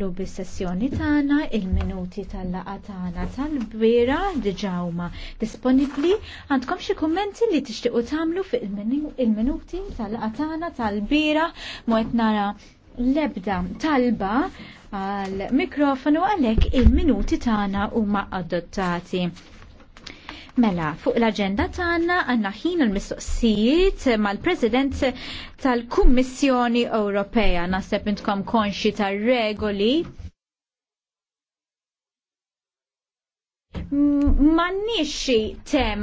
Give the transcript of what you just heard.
nkomplu bis-sessjoni tagħna, il-minuti tal-laqa tagħna tal-bwera diġà huma disponibbli. Għandkom xi kummenti li tixtiequ tagħmlu fuq il-minuti tal-laqa tagħna tal-bwera mo qed nara l-ebda talba għal mikrofonu għalhekk il-minuti tagħna huma adottati. Mela, fuq l-agenda tagħna għandna ħin il-mistoqsijiet mal-President tal-Kummissjoni Ewropea. Naħseb intkom konxi tar-regoli. nixi tema